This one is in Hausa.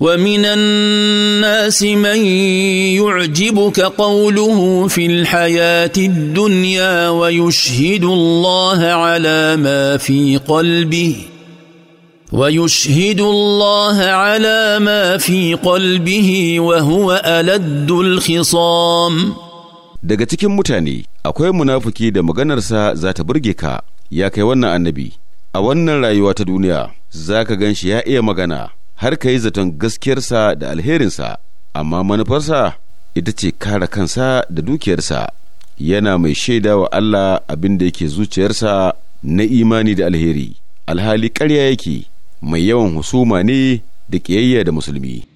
ومن الناس من يعجبك قوله في الحياه الدنيا ويشهد الله على ما في قلبه ويشهد الله على ما في قلبه وهو ألد الخصام daga cikin mutane akwai munafuki da maganarsa za ta burge ka ya kai wannan annabi a wannan rayuwa ta duniya za ka gan shi ya iya magana har ka yi zaton gaskiyarsa da alherinsa amma manufarsa ita ce kare kansa da dukiyarsa yana mai shaida wa Allah abin da yake zuciyarsa na imani da alheri alhali ƙarya yake mai yawan husuma ne da ƙiyayya da musulmi